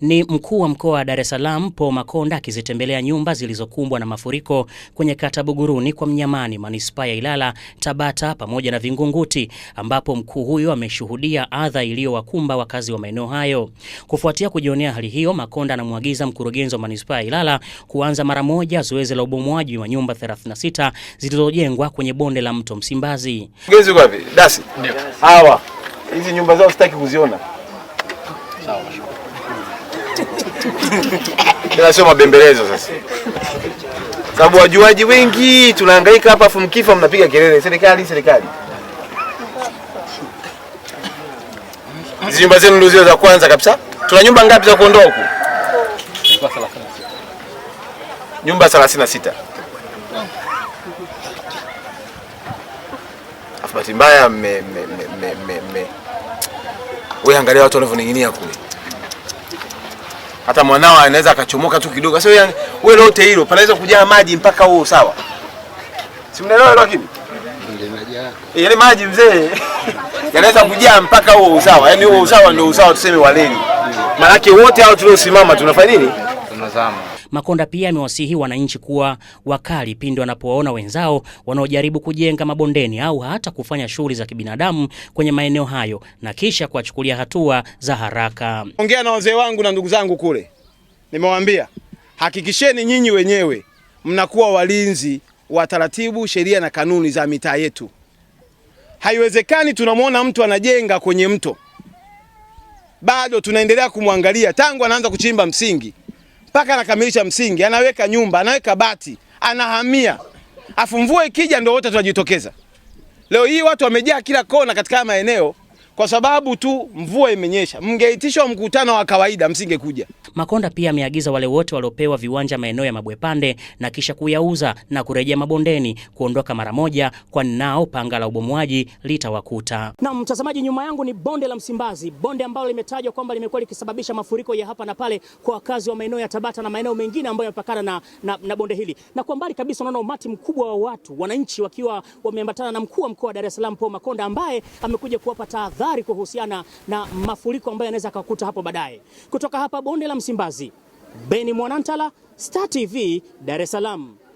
Ni mkuu wa mkoa wa Dar es Salaam Paul Makonda akizitembelea nyumba zilizokumbwa na mafuriko kwenye kata Buguruni kwa Mnyamani, manispaa ya Ilala, Tabata pamoja na Vingunguti, ambapo mkuu huyo ameshuhudia adha iliyowakumba wakazi wa maeneo hayo. Kufuatia kujionea hali hiyo, Makonda anamwagiza mkurugenzi wa manispaa ya Ilala kuanza mara moja zoezi la ubomwaji wa nyumba 36 zilizojengwa kwenye bonde la mto Msimbazi. Mkurugenzi vipi? Dasi. Hawa. Hizi nyumba zao sitaki kuziona sawa. Ila sio mabembelezo sasa, sababu wajuaji wengi tunahangaika hapa, afu mkifa mnapiga kelele serikali serikali. Hizi nyumba zenu ndio zile za kwanza kabisa. Tuna nyumba ngapi za kuondoa huku? Nyumba 36. Afu bahati mbaya wewe angalia watu wanavyoning'inia kule. Hata mwanao anaweza akachomoka tu kidogo. Sasa wewe lote hilo panaweza kujaa maji mpaka huo sawa. Si mnaelewa lakini? Eh, Yale maji mzee yanaweza kujaa mpaka huo usawa. Yaani huo usawa ndio usawa tuseme wa leni. Maana wote hao tuliosimama tunafanya nini? Tunazama. Makonda pia amewasihi wananchi kuwa wakali pindi wanapowaona wenzao wanaojaribu kujenga mabondeni au hata kufanya shughuli za kibinadamu kwenye maeneo hayo na kisha kuwachukulia hatua za haraka. Ongea na wazee wangu na ndugu zangu kule, nimewaambia hakikisheni nyinyi wenyewe mnakuwa walinzi wa taratibu, sheria na kanuni za mitaa yetu. Haiwezekani tunamwona mtu anajenga kwenye mto, bado tunaendelea kumwangalia tangu anaanza kuchimba msingi mpaka anakamilisha msingi, anaweka nyumba, anaweka bati, anahamia, afu mvua ikija ndio wote tunajitokeza. Leo hii watu wamejaa kila kona katika maeneo kwa sababu tu mvua imenyesha. Mngeitishwa mkutano wa kawaida, msingekuja. Makonda pia ameagiza wale wote waliopewa viwanja maeneo ya Mabwepande na kisha kuyauza na kurejea mabondeni kuondoka mara moja, kwani nao panga la ubomwaji litawakuta. Na mtazamaji, nyuma yangu ni bonde la Msimbazi, bonde ambalo limetajwa kwamba limekuwa likisababisha mafuriko ya hapa na pale kwa wakazi wa maeneo ya Tabata na maeneo mengine ambayo yanapakana na, na, na bonde hili, na kwa mbali kabisa unaona umati mkubwa wa watu wananchi wakiwa wameambatana na mkuu wa mkoa wa Dar es Salaam Paul Makonda ambaye amekuja kuwapa tahadhari habari kuhusiana na mafuriko ambayo yanaweza akakuta hapo baadaye. Kutoka hapa bonde la Msimbazi, Beni Mwanantala, Star TV, Dar es Salaam.